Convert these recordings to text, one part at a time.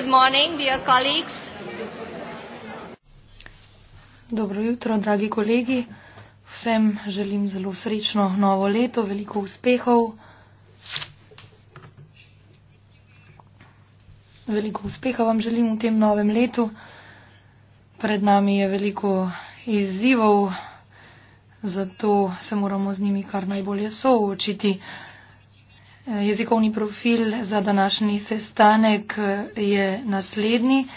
Good morning, dear colleagues. Dobro jutro, dragi kolegi. Vsem želim zelo srečno novo leto, veliko uspehov. Veliko uspeha vam želim v tem novem letu. Pred nami je veliko izzivov, zato se moramo z njimi kar najbolje soočiti. Jezikovni profil za današnji sestanek eh, je naslednji.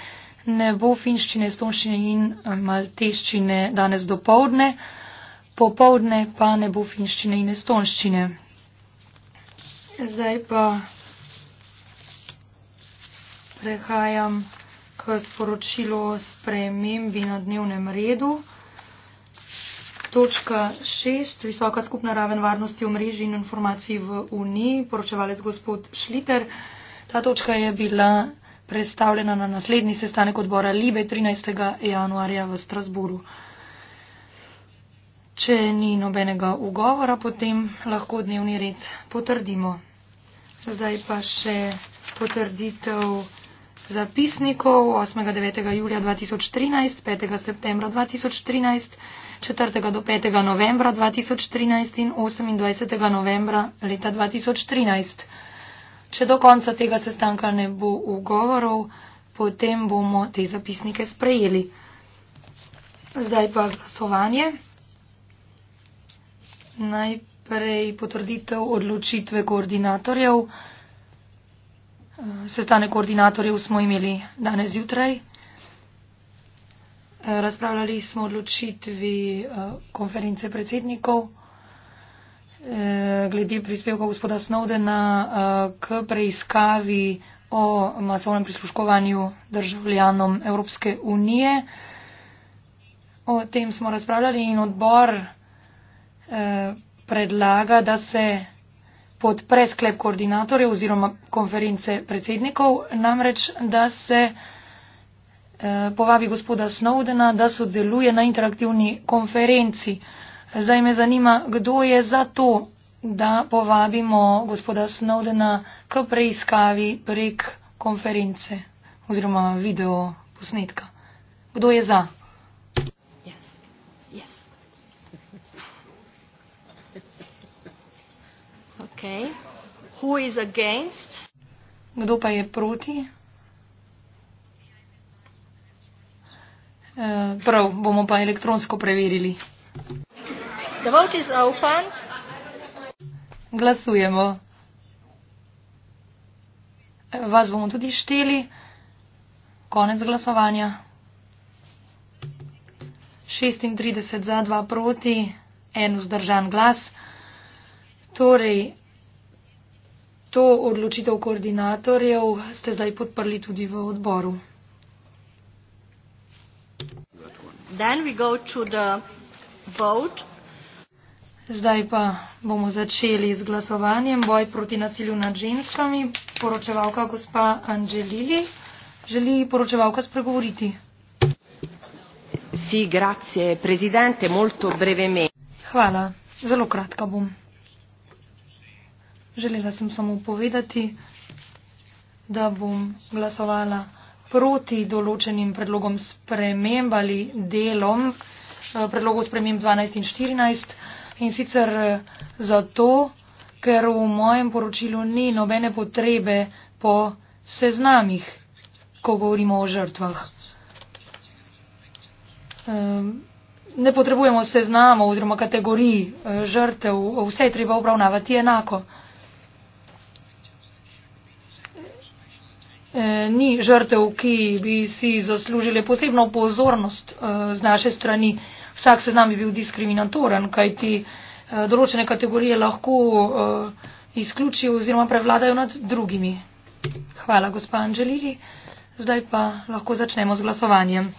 Ne bo finščine, estonščine in eh, malteščine danes do povdne, popovdne pa ne bo finščine in estonščine. Zdaj pa prehajam k sporočilu o spremembi na dnevnem redu. Točka šest, visoka skupna raven varnosti omrežij in informacij v Uniji, poročevalec gospod Šliter. Ta točka je bila predstavljena na naslednji sestanek odbora Libe 13. januarja v Strasburu. Če ni nobenega ugovora, potem lahko dnevni red potrdimo. Zdaj pa še potrditev zapisnikov 8. 9. julija 2013, 5. septembra 2013. 4. do 5. novembra 2013 in 28. novembra leta 2013. Če do konca tega sestanka ne bo ugovorov, potem bomo te zapisnike sprejeli. Zdaj pa glasovanje. Najprej potrditev odločitve koordinatorjev. Sestane koordinatorjev smo imeli danes zjutraj. Razpravljali smo o odločitvi eh, konference predsednikov eh, glede prispevka gospoda Snowdena eh, k preiskavi o masovnem prisluškovanju državljanom Evropske unije. O tem smo razpravljali in odbor predlaga, da se podpre sklep koordinatorjev oziroma konference predsednikov, namreč da se Eh, povabi gospoda Snowdena, da sodeluje na interaktivni konferenci. Zdaj me zanima, kdo je za to, da povabimo gospoda Snowdena k preiskavi prek konference oziroma video posnetka. Kdo je za? Yes. Yes. Okay. Kdo pa je proti? Eh, prav, bomo pa elektronsko preverili. The vote is open. Glasujemo. Eh, vas bomo tudi šteli. Konec glasovanja. 36 za, 2 proti, 1 vzdržan glas. Torej, to odločitev koordinatorjev ste zdaj podprli tudi v odboru. Then we go to the vote. Zdaj pa bomo začeli z glasovanjem boj proti nasilju nad ženskami. Poročevalka gospa Angelili. Želi poročevalka spregovoriti? Si, grazie, prezidente, molto breveme. Hvala, zelo kratka bom. Želela sem samo povedati, da bom glasovala proti določenim predlogom sprememb ali delom eh, predlogov sprememb 12 in 14 in sicer eh, zato, ker v mojem poročilu ni nobene potrebe po seznamih, ko govorimo o žrtvah. Ehm, ne potrebujemo seznamov oziroma kategorij eh, žrtev, vse je treba obravnavati enako. Eh, ni žrtev, ki bi si zaslužile posebno pozornost eh, z naše strani. Vsak se nam bi bil diskriminatoren, kajti eh, določene kategorije lahko izključijo oziroma prevladajo nad drugimi. Hvala, gospa Anželili. Zdaj pa lahko začnemo z glasovanjem.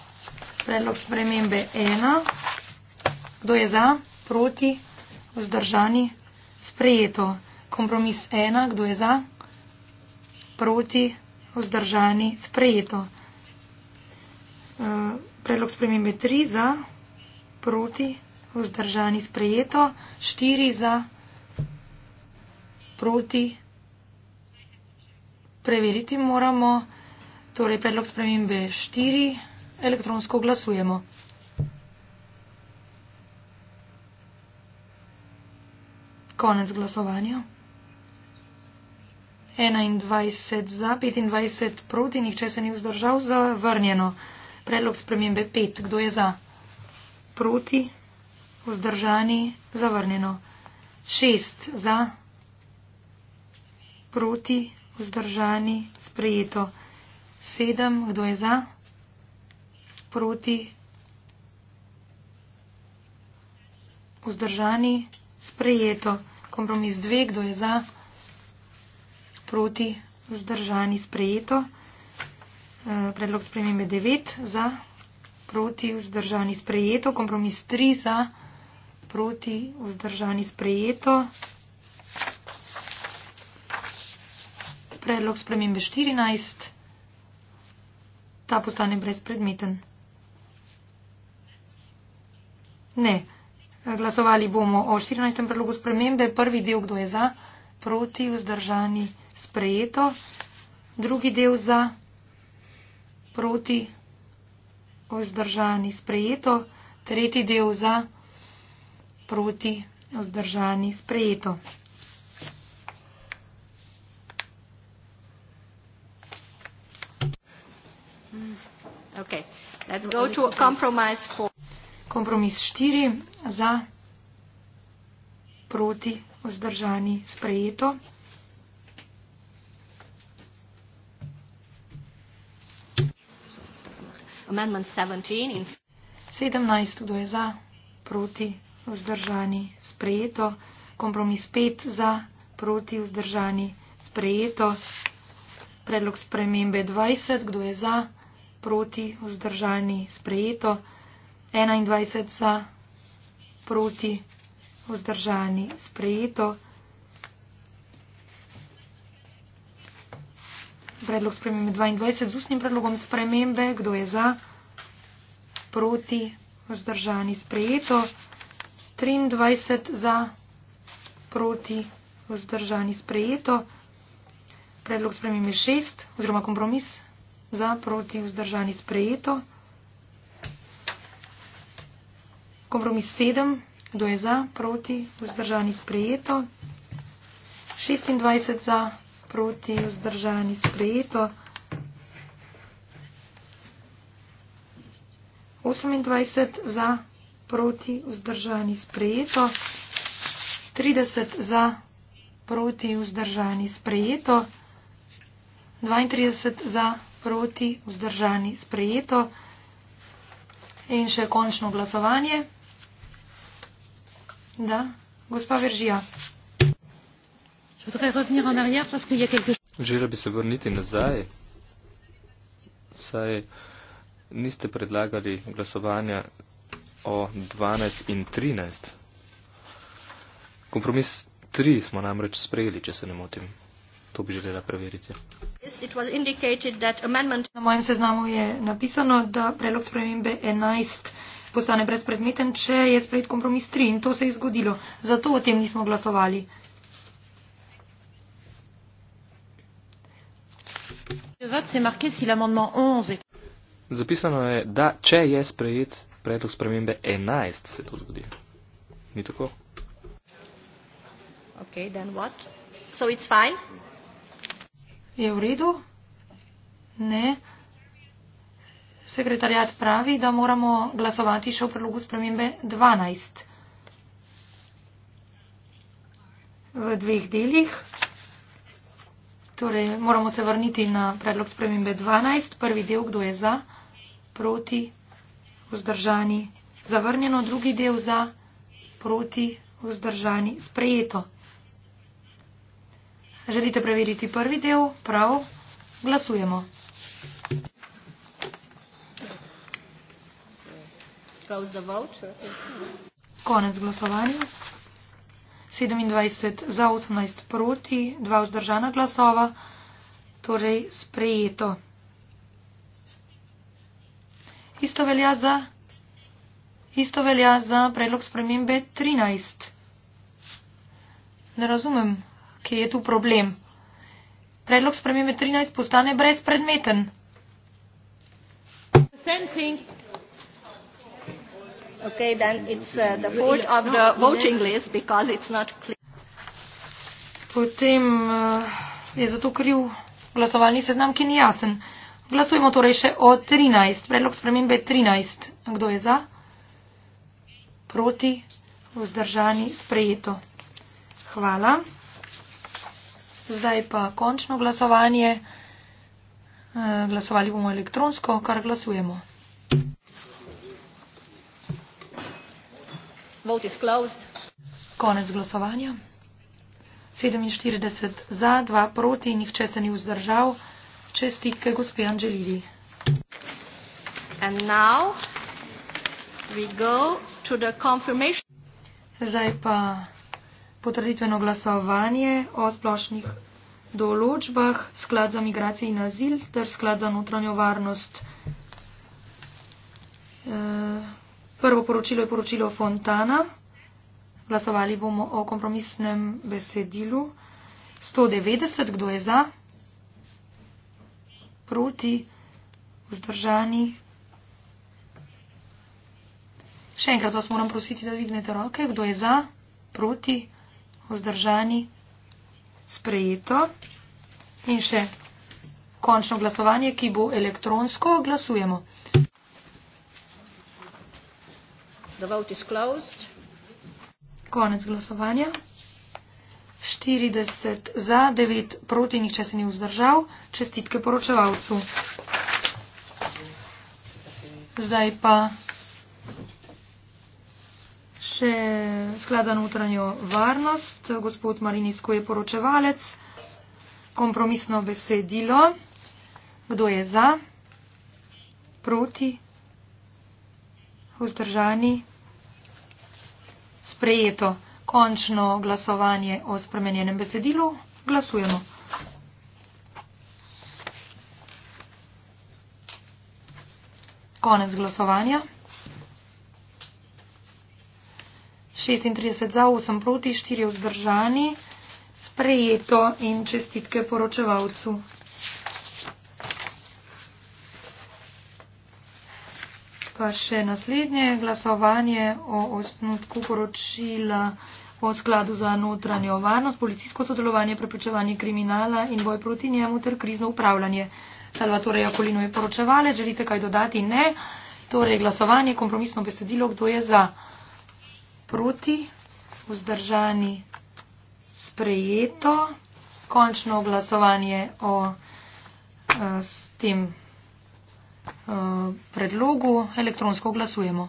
Predlog spremembe 1. Kdo je za, proti, vzdržani, sprejeto. Kompromis 1. Kdo je za, proti, vzdržani vzdržani, sprejeto. E, predlog spremembe 3 za, proti, vzdržani, sprejeto, 4 za, proti, preveriti moramo, torej predlog spremembe 4, elektronsko glasujemo. Konec glasovanja. 21 za, 25 proti, nihče se ni vzdržal, zavrnjeno. Predlog spremembe 5. Kdo je za? Proti, vzdržani, zavrnjeno. 6 za, proti, vzdržani, sprejeto. 7. Kdo je za? Proti, vzdržani, sprejeto. Kompromis 2. Kdo je za? proti, vzdržani sprejeto. E, predlog spremembe 9 za, proti, vzdržani sprejeto. Kompromis 3 za, proti, vzdržani sprejeto. Predlog spremembe 14, ta postane brezpredmeten. Ne, glasovali bomo o 14. predlogu spremembe. Prvi del, kdo je za proti, vzdržani, sprejeto, drugi del za, proti, vzdržani, sprejeto, tretji del za, proti, vzdržani, sprejeto. Mm, okay. Kompromis štiri za proti vzdržani sprejeto. Amendment 17 kdo je za, proti vzdržani sprejeto. Kompromis 5 za, proti vzdržani sprejeto. Predlog spremembe 20 kdo je za, proti vzdržani sprejeto. 21 za, proti vzdržani sprejeto vzdržani, sprejeto. Predlog spremembe 22 z ustnim predlogom spremembe, kdo je za, proti, vzdržani, sprejeto. 23 za, proti, vzdržani, sprejeto. Predlog spremembe 6 oziroma kompromis za, proti, vzdržani, sprejeto. Kompromis 7. Kdo je za, proti, vzdržani sprejeto? 26 za, proti, vzdržani sprejeto. 28 za, proti, vzdržani sprejeto. 30 za, proti, vzdržani sprejeto. 32 za, proti, vzdržani sprejeto. In še končno glasovanje. Želela bi se vrniti nazaj, saj niste predlagali glasovanja o 12 in 13. Kompromis 3 smo namreč sprejeli, če se ne motim. To bi želela preveriti. Na mojem seznamu je napisano, da predlog spremembe 11 postane brezpredmeten, če je sprejet kompromis 3 in to se je zgodilo. Zato o tem nismo glasovali. Zapisano je, da če je sprejet predlog spremembe 11, se to zgodi. Ni tako? Ok, then what? So it's fine? Je v redu? Ne. Ne. Sekretarjat pravi, da moramo glasovati še o predlogu spremembe 12 v dveh delih. Torej, moramo se vrniti na predlog spremembe 12. Prvi del, kdo je za, proti, vzdržani, zavrnjeno. Drugi del za, proti, vzdržani, sprejeto. Želite preveriti prvi del? Prav. Glasujemo. Prav za voucher. Konec glasovanja. 27 za 18 proti, 2 vzdržana glasova, torej sprejeto. Isto velja za, isto velja za predlog spremembe 13. Ne razumem, kje je tu problem. Predlog spremembe 13 postane brezpredmeten. Okay, then it's uh, the fault of the voting list because it's not clear. Potem uh, je zato kriv glasovalni seznam, ki ni jasen. Glasujemo torej še o 13. Predlog spremembe je 13. Kdo je za? Proti? Vzdržani? Sprejeto. Hvala. Zdaj pa končno glasovanje. Uh, glasovali bomo elektronsko, kar glasujemo. Vote is closed. Konec glasovanja. 47 za, 2 proti, nihče se ni vzdržal. Čestitke gospe Angelili. And now we go to the confirmation. Zdaj pa potrditveno glasovanje o splošnih določbah sklad za migracije in azil ter sklad za notranjo varnost. E, Prvo poročilo je poročilo Fontana. Glasovali bomo o kompromisnem besedilu. 190, kdo je za? Proti? Vzdržani? Še enkrat vas moram prositi, da dvignete roke. Kdo je za? Proti? Vzdržani? Sprejeto. In še končno glasovanje, ki bo elektronsko. Glasujemo. The vote is closed. Konec glasovanja. 40 za, 9 proti, nihče se ni vzdržal. Čestitke poročevalcu. Zdaj pa še sklada notranjo varnost. Gospod Marinisko je poročevalec. Kompromisno besedilo. Kdo je za? Proti? vzdržani. Sprejeto končno glasovanje o spremenjenem besedilu. Glasujemo. Konec glasovanja. 36 za, 8 proti, 4 vzdržani. Sprejeto in čestitke poročevalcu. pa še naslednje glasovanje o osnutku poročila o skladu za notranjo varnost, policijsko sodelovanje, preprečevanje kriminala in boj proti njemu ter krizno upravljanje. Salvatore Jakolino je poročevale, želite kaj dodati? Ne. Torej glasovanje, kompromisno besedilo, kdo je za proti, vzdržani, sprejeto, končno glasovanje o eh, s tem predlogu. Elektronsko glasujemo.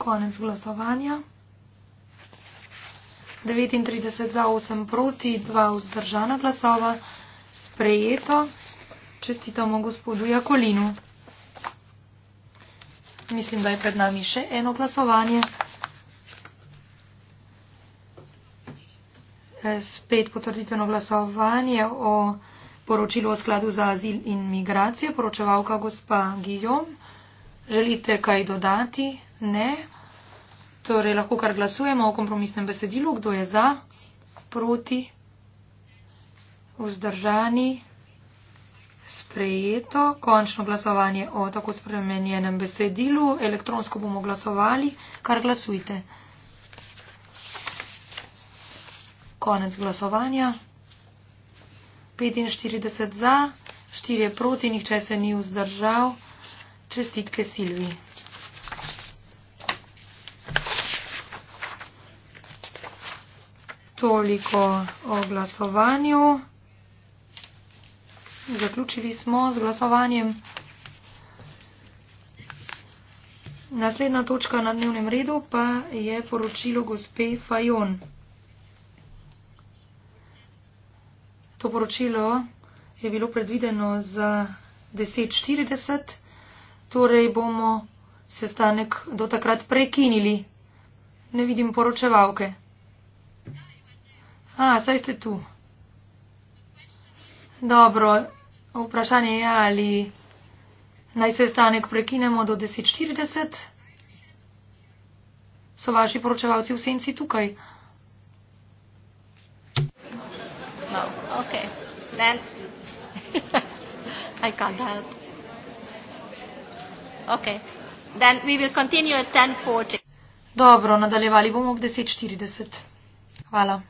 Konec glasovanja. 39 za 8 proti, 2 vzdržana glasova. Sprejeto. Čestitamo gospodu Jakolinu. Mislim, da je pred nami še eno glasovanje. E, spet potrditveno glasovanje o poročilo o skladu za azil in migracije, poročevalka gospa Gijom. Želite kaj dodati? Ne. Torej lahko kar glasujemo o kompromisnem besedilu, kdo je za, proti, vzdržani, sprejeto. Končno glasovanje o tako spremenjenem besedilu. Elektronsko bomo glasovali, kar glasujte. Konec glasovanja. 45 za, 4 proti, nihče se ni vzdržal. Čestitke Silvi. Toliko o glasovanju. Zaključili smo z glasovanjem. Naslednja točka na dnevnem redu pa je poročilo gospe Fajon. To poročilo je bilo predvideno za 10.40, torej bomo sestanek do takrat prekinili. Ne vidim poročevalke. A, saj ste tu. Dobro, vprašanje je, ali naj sestanek prekinemo do 10.40. So vaši poročevalci v senci tukaj? okay. Then I can't help. Okay. Then we will continue at 10:40. Dobro, nadaljevali bomo ob 10:40. Hvala.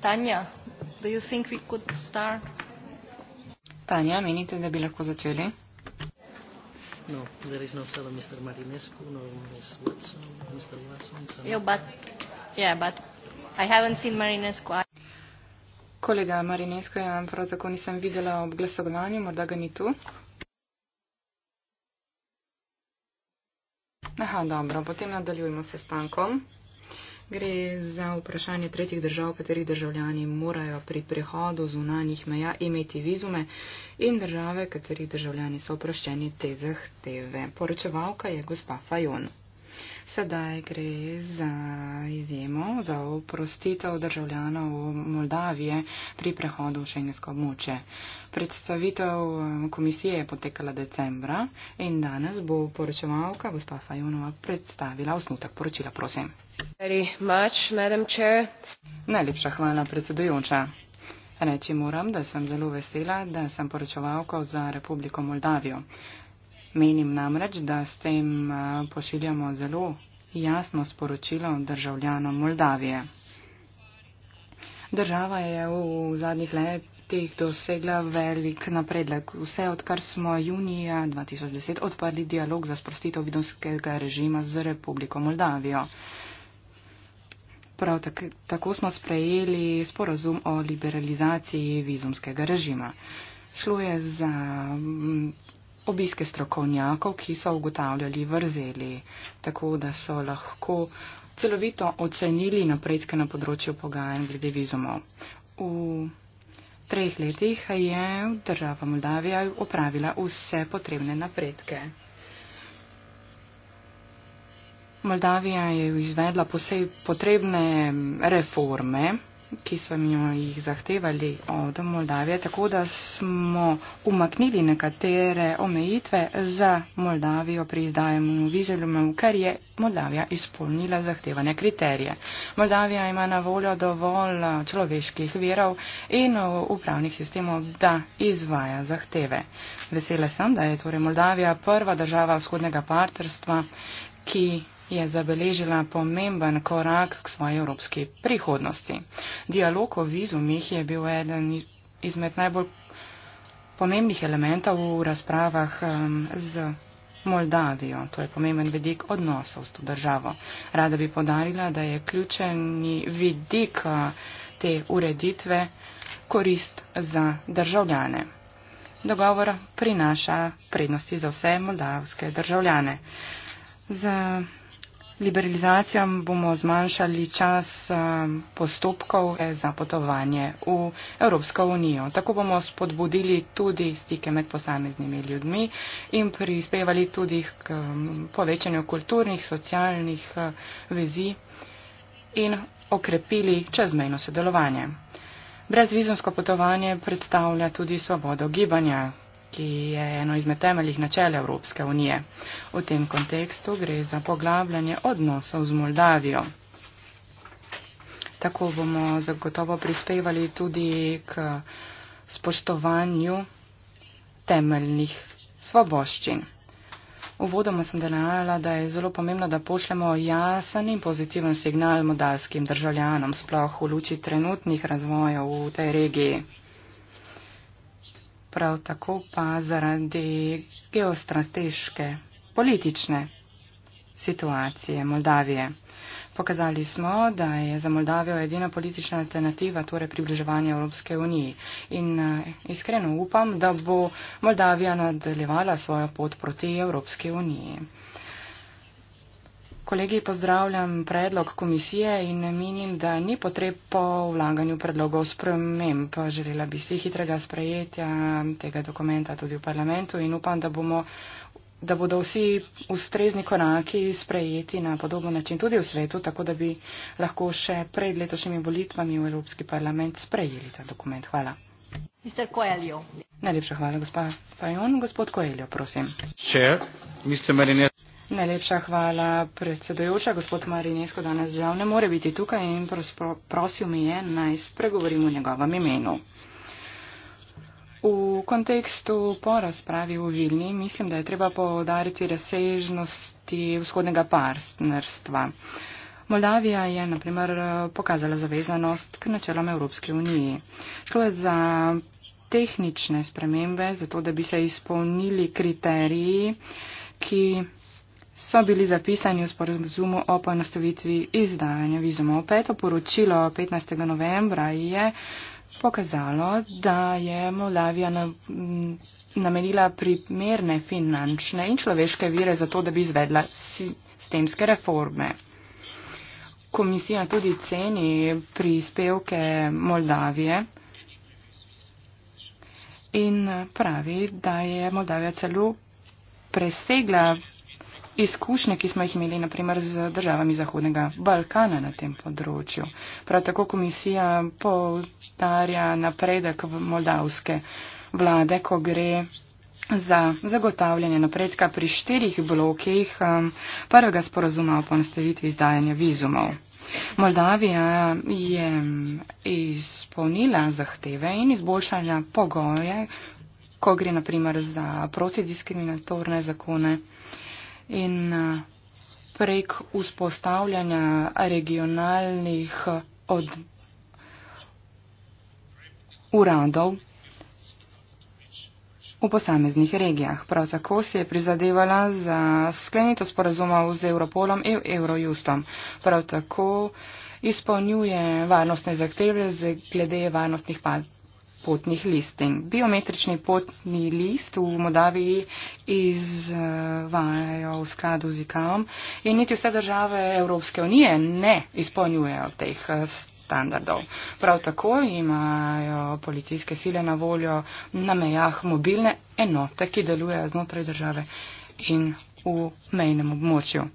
Tanja, do you think we could start? Tanja, menite, da bi lahko začeli? No, there is no fellow Mr. Marinescu, no Ms. Watson, Mr. Watson. So yeah, but, yeah, but I haven't seen Marinescu. I... Kolega Marinescu, ja vam prav tako nisem videla ob glasovanju, morda ga ni tu. Aha, dobro, potem nadaljujemo se stankom. Gre za vprašanje tretjih držav, katerih državljani morajo pri prihodu zunanjih meja imeti vizume in države, katerih državljani so oproščeni te zahteve. Poročevalka je gospa Fajon. Sedaj gre za izjemo za oprostitev državljanov Moldavije pri prehodu v šengensko območje. Predstavitev eh, komisije je potekala decembra in danes bo poročevalka gospa Fajonova predstavila osnutek poročila. Prosim. Najlepša hvala, predsedujoča. Reči moram, da sem zelo vesela, da sem poročevalko za Republiko Moldavijo. Menim namreč, da s tem eh, pošiljamo zelo jasno sporočilo državljanom Moldavije. Država je v zadnjih letih dosegla velik napredek. Vse odkar smo junija 2010 odprli dialog za sprostitev vidonskega režima z Republiko Moldavijo. Prav tak, tako smo sprejeli sporazum o liberalizaciji vizumskega režima. Šlo je za mm, obiske strokovnjakov, ki so ugotavljali vrzeli, tako da so lahko celovito ocenili napredke na področju pogajanj glede vizumov. V treh letih je država Moldavija opravila vse potrebne napredke. Moldavija je izvedla posebej potrebne reforme ki so mi jo jih zahtevali od Moldavije, tako da smo umaknili nekatere omejitve za Moldavijo pri izdajanju vizelumov, ker je Moldavija izpolnila zahtevane kriterije. Moldavija ima na voljo dovolj eh, človeških verov in eh, upravnih sistemov, da izvaja zahteve. Vesela sem, da je torej Moldavija prva država vzhodnega partnerstva, ki je zabeležila pomemben korak k svoji evropski prihodnosti. Dialog o vizumih je bil eden izmed najbolj pomembnih elementov v razpravah um, z Moldavijo. To je pomemben vidik odnosov s to državo. Rada bi podarila, da je ključeni vidik uh, te ureditve korist za državljane. Dogovor prinaša prednosti za vse moldavske državljane. Za liberalizacijam bomo zmanjšali čas eh, postopkov eh, za potovanje v Evropsko unijo. Tako bomo spodbudili tudi stike med posameznimi ljudmi in prispevali tudi k mm, povečanju kulturnih, socialnih eh, vezi in okrepili čezmejno sodelovanje. Brezvizumsko potovanje predstavlja tudi svobodo gibanja, ki je eno izmed temeljih načel Evropske unije. V tem kontekstu gre za poglabljanje odnosov z Moldavijo. Tako bomo zagotovo prispevali tudi k spoštovanju temeljnih svoboščin. Uvodoma sem delala, da je zelo pomembno, da pošljemo jasen in pozitiven signal modalskim državljanom, sploh v luči trenutnih razvojev v tej regiji prav tako pa zaradi geostrateške politične situacije Moldavije. Pokazali smo, da je za Moldavijo edina politična alternativa, torej približevanje Evropske unije. In eh, iskreno upam, da bo Moldavija nadaljevala svojo pot proti Evropske unije. Kolegi pozdravljam predlog komisije in menim, da ni potreb po vlaganju predlogov sprememb. Želela bi si hitrega sprejetja tega dokumenta tudi v parlamentu in upam, da, bomo, da bodo vsi ustrezni koraki sprejeti na podoben način tudi v svetu, tako da bi lahko še pred letošnjimi volitvami v Evropski parlament sprejeli ta dokument. Hvala. Najlepša hvala, gospod Fajon. Gospod Koeljo, prosim. Če, Najlepša hvala, predsedojoča. Gospod Marinesko danes žal ne more biti tukaj in prosil mi je naj spregovorim v njegovem imenu. V kontekstu po razpravi v Vilni mislim, da je treba povdariti razsežnosti vzhodnega partnerstva. Moldavija je, na primer, pokazala zavezanost k načelom Evropske unije. Šlo je za tehnične spremembe, zato da bi se izpolnili kriteriji, ki so bili zapisani v sporozumu o poenostavitvi izdajanja vizumov. Peto poročilo 15. novembra je pokazalo, da je Moldavija namenila primerne finančne in človeške vire za to, da bi izvedla sistemske reforme. Komisija tudi ceni prispevke Moldavije in pravi, da je Moldavija celo presegla izkušnje, ki smo jih imeli naprimer z državami Zahodnega Balkana na tem področju. Prav tako komisija povtarja napredek v moldavske vlade, ko gre za zagotavljanje napredka pri štirih blokih um, prvega sporozuma o ponastavitvi izdajanja vizumov. Moldavija je um, izpolnila zahteve in izboljšala pogoje, ko gre naprimer za protidiskriminatorne zakone in eh, prek vzpostavljanja regionalnih eh, od uradov v posameznih regijah. Prav tako se je prizadevala za sklenitev sporazumov z Europolom in Eurojustom. Prav tako izpolnjuje varnostne zahteve glede varnostnih potnih listin. Biometrični potni list v Moldaviji izvajajo v skladu z IKAM in niti vse države Evropske unije ne izpolnjujejo teh eh, standardov. Prav tako imajo policijske sile na voljo na mejah mobilne enote, ki delujejo znotraj države in v mejnem območju.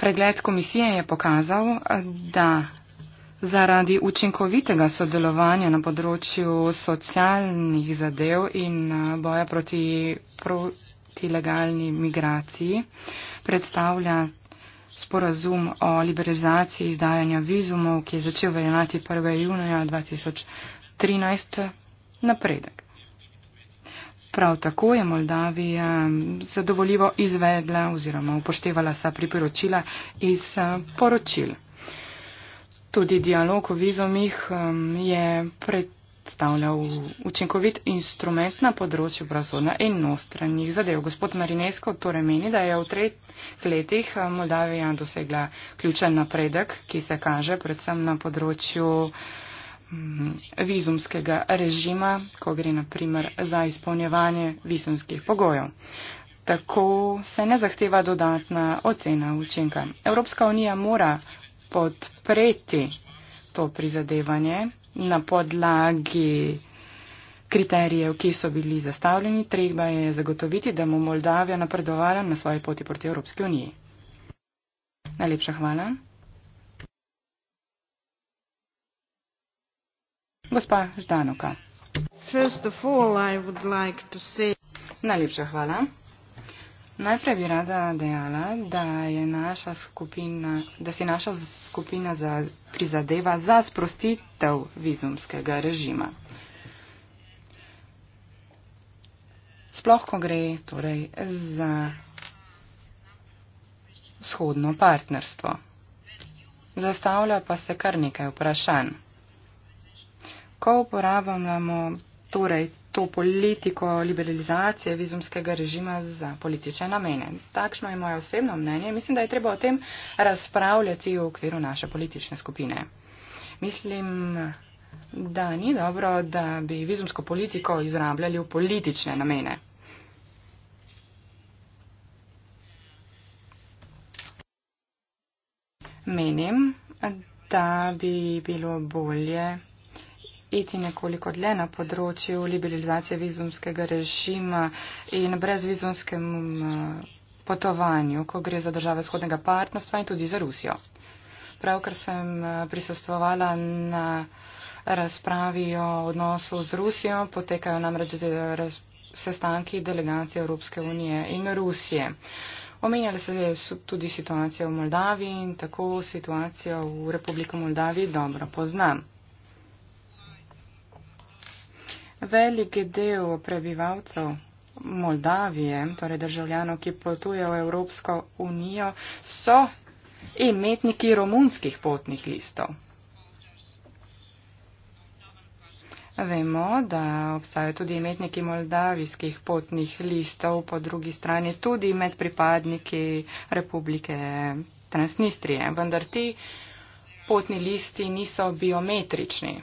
Pregled komisije je pokazal, da zaradi učinkovitega sodelovanja na področju socialnih zadev in eh, boja proti, proti legalni migraciji predstavlja sporazum o liberalizaciji izdajanja vizumov, ki je začel veljati 1. junija 2013, napredek. Prav tako je Moldavija zadovoljivo izvedla oziroma upoštevala vsa priporočila iz poročil. Tudi dialog o vizumih je predstavljal učinkovit instrument na področju brazona in nostranjih zadev. Gospod Marinesko torej meni, da je v treh letih Moldavija dosegla ključen napredek, ki se kaže predvsem na področju. Mm, vizumskega režima, ko gre naprimer za izpolnjevanje vizumskih pogojev. Tako se ne zahteva dodatna ocena učinka. Evropska unija mora podpreti to prizadevanje na podlagi kriterijev, ki so bili zastavljeni. Treba je zagotoviti, da mu Moldavija napredovala na svoji poti proti Evropski uniji. Najlepša hvala. Gospa Ždanoka. Like say... Najlepša hvala. Najprej bi rada dejala, da, je naša skupina, da si naša skupina za, prizadeva za sprostitev vizumskega režima. Sploh, ko gre torej za vzhodno partnerstvo. Zastavlja pa se kar nekaj vprašanj ko uporabljamo torej to politiko liberalizacije vizumskega režima za politične namene. Takšno je moje osebno mnenje. Mislim, da je treba o tem razpravljati v okviru naše politične skupine. Mislim, da ni dobro, da bi vizumsko politiko izrabljali v politične namene. Menim, da bi bilo bolje iti nekoliko dlje na področju liberalizacije vizumskega režima in brezvizumskem eh, potovanju, ko gre za države vzhodnega partnerstva in tudi za Rusijo. Pravkar sem eh, prisostovala na razpravi o odnosu z Rusijo, potekajo namreč sestanki delegacije Evropske unije in Rusije. Omenjali se je tudi situacija v Moldaviji in tako situacijo v Republiko Moldaviji dobro poznam. Velik del prebivalcev Moldavije, torej državljanov, ki potujejo v Evropsko unijo, so imetniki romunskih potnih listov. Vemo, da obstajajo tudi imetniki moldavijskih potnih listov, po drugi strani tudi med pripadniki Republike Transnistrije. Vendar ti potni listi niso biometrični.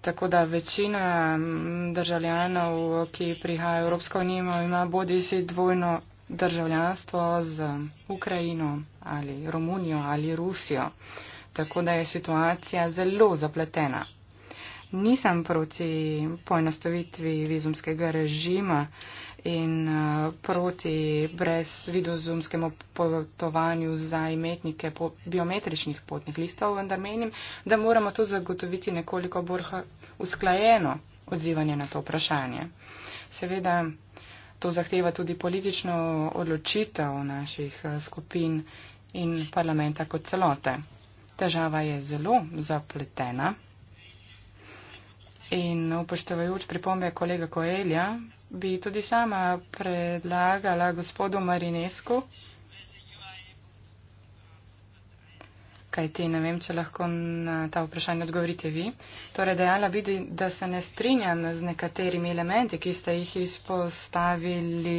Tako da večina mm, državljanov, ki prihajajo v Evropsko unijo, ima bodi si dvojno državljanstvo z Ukrajino ali Romunijo ali Rusijo. Tako da je situacija zelo zapletena. Nisem proti poenostavitvi vizumskega režima. Uh, in eh, proti brezvidozumskemu potovanju za imetnike po biometričnih potnih listov, vendar menim, da moramo tu zagotoviti nekoliko bolj usklajeno odzivanje na to vprašanje. Seveda to zahteva tudi politično odločitev naših eh, skupin in parlamenta kot celote. Težava je zelo zapletena. In upoštevajoč pripombe kolega Koelja, bi tudi sama predlagala gospodu Marinesku. Kaj ti, ne vem, če lahko na ta vprašanje odgovorite vi. Torej, dejala bi, da se ne strinjam z nekaterimi elementi, ki ste jih izpostavili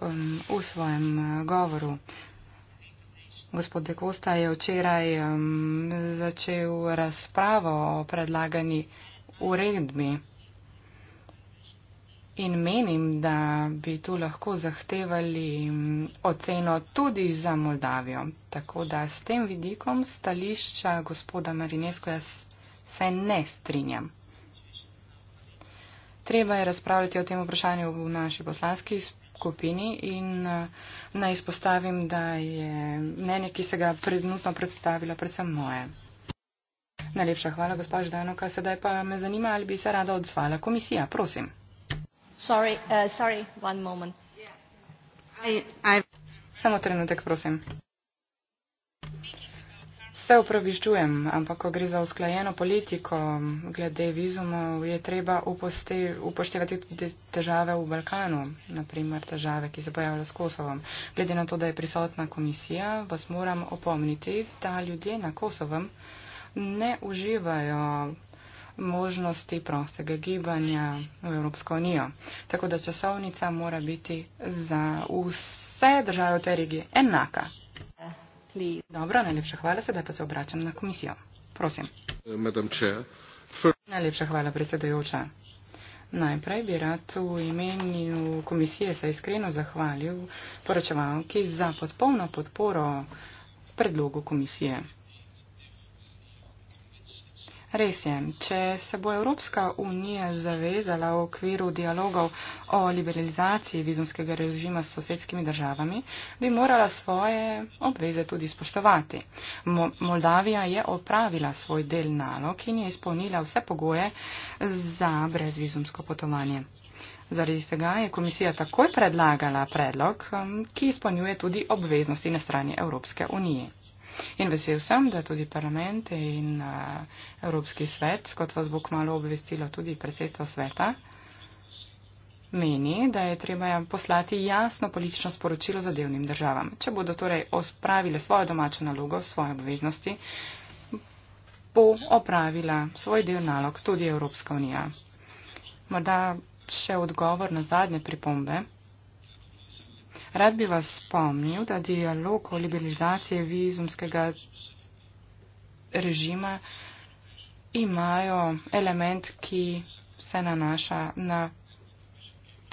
um, v svojem uh, govoru. Gospod Dekosta je včeraj um, začel razpravo o predlagani uredbi. In menim, da bi tu lahko zahtevali oceno tudi za Moldavijo. Tako da s tem vidikom stališča gospoda Marinesko jaz se ne strinjam. Treba je razpravljati o tem vprašanju v naši poslanski skupini in eh, naj izpostavim, da je mnenje, ki se ga prednutno predstavila, predvsem moje. Najlepša hvala, gospod Ždanoka. Sedaj pa me zanima, ali bi se rada odzvala komisija. Prosim. Sorry, uh, sorry, one moment. Yeah. I, I... Samo trenutek, prosim. Se upravičujem, ampak ko gre za usklajeno politiko glede vizumov, je treba upoštevati tudi težave v Balkanu, naprimer težave, ki se pojavljajo s Kosovom. Glede na to, da je prisotna komisija, vas moram opomniti, da ljudje na Kosovem ne uživajo možnosti prostega gibanja v Evropsko unijo. Tako da časovnica mora biti za vse države v tej regiji enaka. Dobro, najlepša hvala, sedaj pa se obračam na komisijo. Prosim. Najlepša hvala, predsedujoča. Najprej bi rad v imenu komisije se iskreno zahvalil poročevalki za podpolno podporo predlogu komisije. Res je, če se bo Evropska unija zavezala v okviru dialogov o liberalizaciji vizumskega režima s sosedskimi državami, bi morala svoje obveze tudi spoštovati. Mo Moldavija je opravila svoj del nalog in je izpolnila vse pogoje za brezvizumsko potovanje. Zaradi tega je komisija takoj predlagala predlog, um, ki izpolnjuje tudi obveznosti na strani Evropske unije. In vesel sem, da tudi parlament in uh, Evropski svet, kot vas bo kmalo obvestilo tudi predsedstvo sveta, meni, da je treba poslati jasno politično sporočilo zadevnim državam. Če bodo torej ospravile svojo domačo nalogo, svoje obveznosti, bo opravila svoj del nalog tudi Evropska unija. Morda še odgovor na zadnje pripombe. Rad bi vas spomnil, da dialog o liberalizaciji vizumskega režima imajo element, ki se nanaša na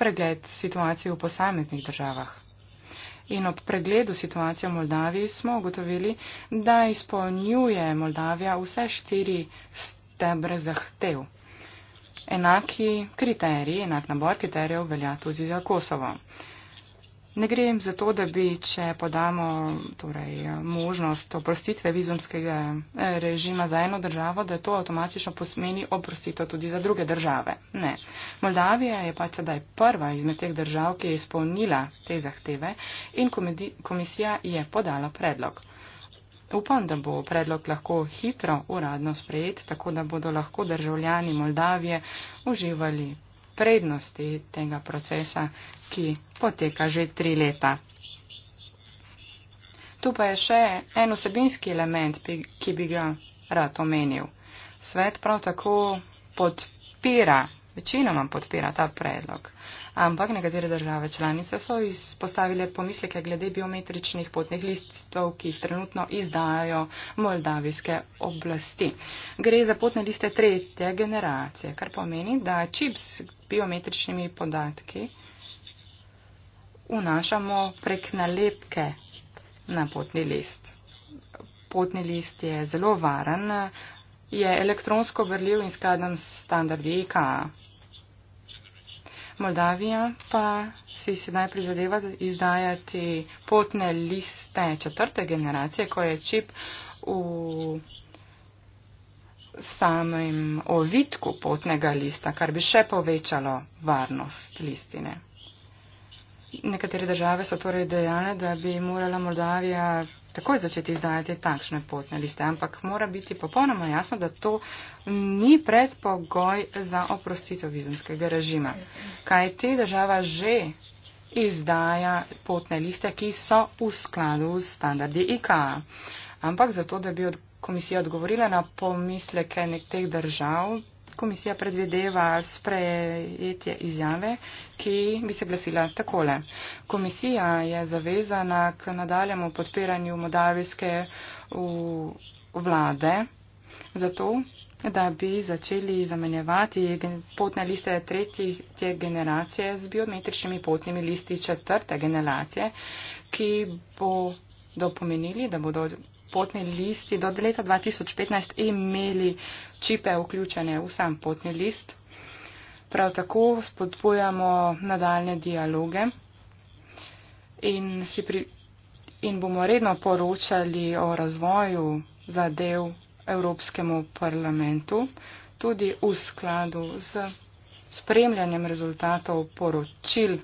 pregled situacije v posameznih državah. In ob pregledu situacije v Moldaviji smo ugotovili, da izpolnjuje Moldavija vse štiri stebre zahtev. Enaki kriteriji, enak nabor kriterijev velja tudi za Kosovo. Ne gre jim za to, da bi, če podamo torej, možnost oprostitve vizumskega eh, režima za eno državo, da to avtomatično posmeni oprostitev tudi za druge države. Ne. Moldavija je pač sedaj prva izmed teh držav, ki je izpolnila te zahteve in komisija je podala predlog. Upam, da bo predlog lahko hitro uradno sprejet, tako da bodo lahko državljani Moldavije uživali prednosti tega procesa, ki poteka že tri leta. Tu pa je še en osebinski element, ki bi ga rad omenil. Svet prav tako podpira večinoma podpira ta predlog. Ampak nekatere države članice so izpostavile pomisleke glede biometričnih potnih listov, ki jih trenutno izdajo moldavijske oblasti. Gre za potne liste tretje generacije, kar pomeni, da čip s biometričnimi podatki unašamo prek nalepke na potni list. Potni list je zelo varen, je elektronsko vrljiv in skladen s standardi IKA. Moldavija pa si sedaj prizadeva izdajati potne liste četrte generacije, ko je čip v samem ovitku potnega lista, kar bi še povečalo varnost listine. Nekatere države so torej dejale, da bi morala Moldavija takoj začeti izdajati takšne potne liste, ampak mora biti popolnoma jasno, da to ni predpogoj za oprostitev vizumskega režima. Kaj te država že izdaja potne liste, ki so v skladu s standardi IKA. Ampak zato, da bi od komisija odgovorila na pomisleke nekih držav, Komisija predvideva sprejetje izjave, ki bi se glasila takole. Komisija je zavezana k nadaljemu podpiranju modavijske vlade, zato da bi začeli zamenjevati potne liste tretje generacije z biometričnimi potnimi listi četrte generacije, ki bodo pomenili, da bodo potni listi do leta 2015 imeli čipe vključene v sam potni list. Prav tako spodbujamo nadaljne dialoge in, pri, in bomo redno poročali o razvoju zadev Evropskemu parlamentu, tudi v skladu z spremljanjem rezultatov poročil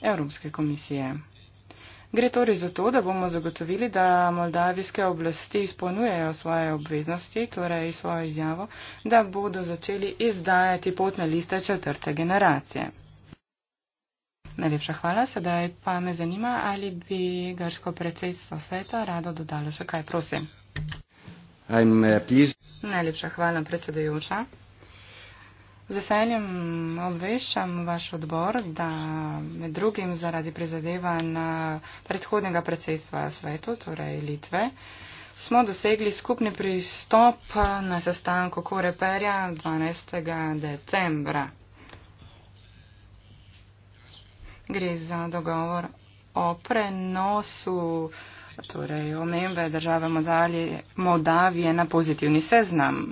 Evropske komisije. Gre torej za to, da bomo zagotovili, da moldavijske oblasti izpolnjujejo svoje obveznosti, torej svojo izjavo, da bodo začeli izdajati potne liste četrte generacije. Najlepša hvala, sedaj pa me zanima, ali bi grško predsedstvo sveta rado dodalo še kaj, prosim. Uh, Najlepša hvala, predsedujoča. Z veseljem obveščam vaš odbor, da med drugim zaradi prizadevanj eh, predhodnega predsedstva svetu, torej Litve, smo dosegli skupni pristop eh, na sestanku Koreperja 12. decembra. Gre za dogovor o prenosu torej omembe države Modavije na pozitivni seznam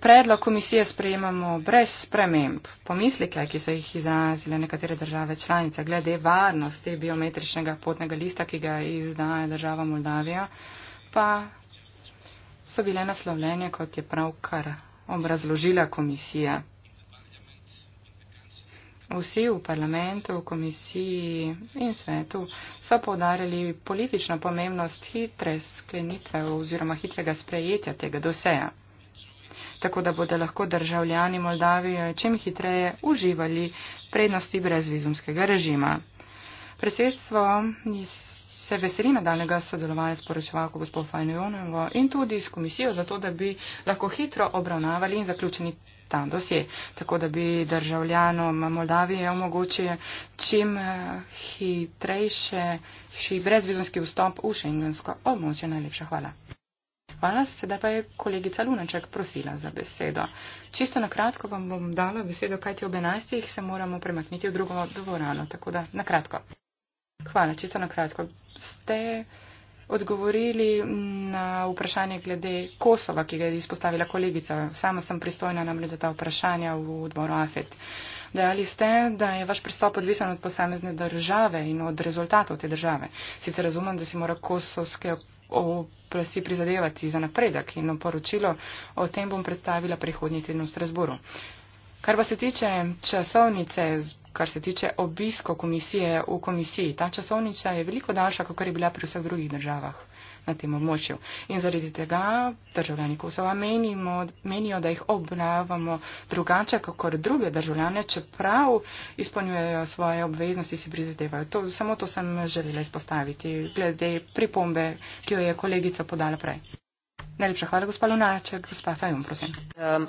predlog komisije sprejemamo brez sprememb. Pomislike, ki so jih izrazile nekatere države članice glede varnosti biometričnega potnega lista, ki ga izdaja država Moldavija, pa so bile naslovljene, kot je pravkar obrazložila komisija. Vsi v parlamentu, komisiji in svetu so povdarjali politično pomembnost hitre sklenitve oziroma hitrega sprejetja tega doseja tako da bodo lahko državljani Moldavije čim hitreje uživali prednosti brezvizumskega režima. Predsedstvo se veseli nadaljnega sodelovanja s poročevalko gospod Fajnjonovo in tudi s komisijo za to, da bi lahko hitro obravnavali in zaključili ta dosje, tako da bi državljanom Moldavije omogočili čim eh, hitrejše brezvizumski vstop v šengensko območje. Najlepša hvala. Hvala, sedaj pa je kolegica Lunaček prosila za besedo. Čisto na kratko vam bom dala besedo, kajti ob 11. se moramo premakniti v drugo dvorano, tako da na kratko. Hvala, čisto na kratko. Ste odgovorili na vprašanje glede Kosova, ki ga je izpostavila kolegica. Sama sem pristojna namreč za ta vprašanja v odboru AFET. Dejali ste, da je vaš pristop odvisen od posamezne države in od rezultatov te države. Sicer razumem, da si mora kosovske oblasti prizadevati za napredek in poročilo o tem bom predstavila prihodnji teden v Strasburu. Kar pa se tiče časovnice, kar se tiče obisko komisije v komisiji, ta časovnica je veliko daljša, kot je bila pri vseh drugih državah na tem območju. In zaradi tega državljani Kosova menimo, menijo, da jih obravnavamo drugače, kot druge državljane, čeprav izpolnjujejo svoje obveznosti, si prizadevajo. To, samo to sem želela izpostaviti, glede pripombe, ki jo je kolegica podala prej. Najlepša hvala, gospod Lunaček, gospod Fajon, prosim. Um,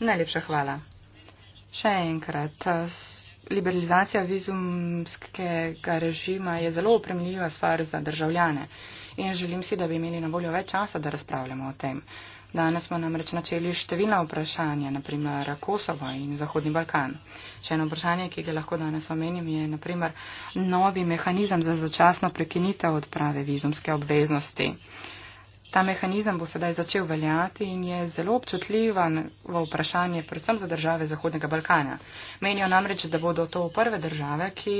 Najlepša hvala. Še enkrat. Uh, liberalizacija vizumskega režima je zelo upremljiva stvar za državljane in želim si, da bi imeli na voljo več časa, da razpravljamo o tem. Danes smo namreč načeli številna vprašanja, naprimer Kosovo in Zahodni Balkan. Če eno vprašanje, ki ga lahko danes omenim, je naprimer novi mehanizem za začasno prekinitev odprave vizumske obveznosti. Uh, Ta mehanizem bo sedaj začel veljati in je zelo občutljivan v vprašanje predvsem za države Zahodnega Balkana. Menijo namreč, da bodo to prve države, ki,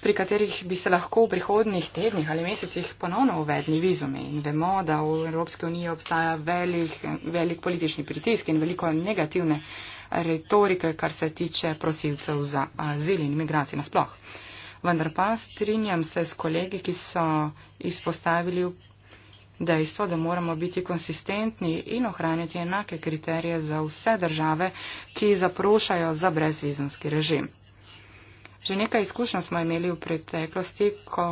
pri katerih bi se lahko v prihodnih tednih ali mesecih ponovno uvedli vizumi. In vemo, da v Evropske unije obstaja velik, velik politični pritisk in veliko negativne retorike, kar se tiče prosilcev za azil in imigracij nasploh. Vendar pa strinjam se s kolegi, ki so izpostavili dejstvo, da moramo biti konsistentni in ohraniti enake kriterije za vse države, ki zaprošajo za brezvizumski režim. Že nekaj izkušenj smo imeli v preteklosti, ko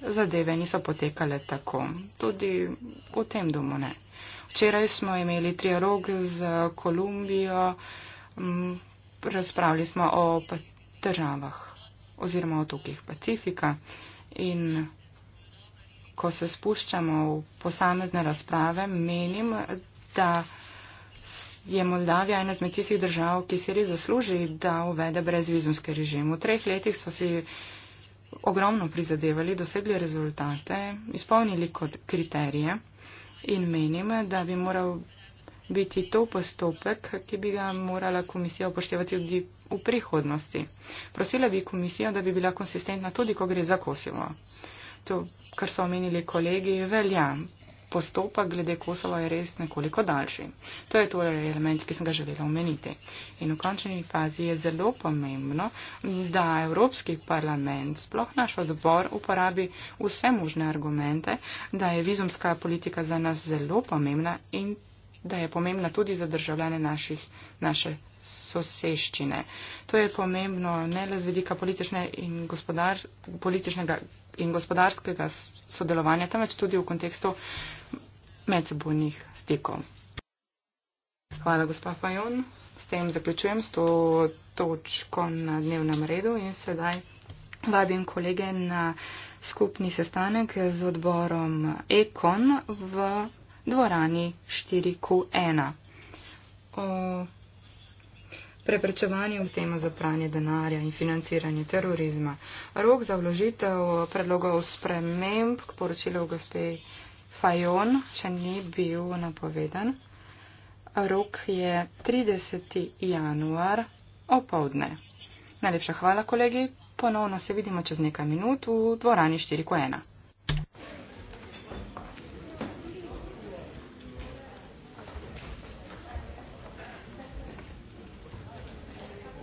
zadeve niso potekale tako. Tudi v tem domu ne. Včeraj smo imeli trialog z Kolumbijo, razpravljali smo o državah oziroma o tukih Pacifika in ko se spuščamo v posamezne razprave, menim, da je Moldavija ena zmed tistih držav, ki si res zasluži, da uvede brezvizumski režim. V treh letih so si ogromno prizadevali, dosegli rezultate, izpolnili kot kriterije in menim, da bi moral biti to postopek, ki bi ga morala komisija upoštevati tudi v prihodnosti. Prosila bi komisijo, da bi bila konsistentna tudi, ko gre za Kosovo to, kar so omenili kolegi, velja. Postopek glede Kosova je res nekoliko daljši. To je torej element, ki sem ga želela omeniti. In v končni fazi je zelo pomembno, da Evropski parlament, sploh naš odbor, uporabi vse možne argumente, da je vizumska politika za nas zelo pomembna in da je pomembna tudi za državljane naših, naše soseščine. To je pomembno ne le z vidika politične in gospodar, političnega in gospodarskega sodelovanja, temveč tudi v kontekstu medsebojnih stikov. Hvala, gospa Fajon. S tem zaključujem s to točko na dnevnem redu in sedaj vabim kolege na skupni sestanek z odborom Ekon v dvorani 4Q1. O preprečevanje vstema za pranje denarja in financiranje terorizma. Rok za vložitev predlogov sprememb k poročilu gospe Fajon še ni bil napovedan. Rok je 30. januar opovdne. Najlepša hvala, kolegi. Ponovno se vidimo čez nekaj minut v dvorani 4.1.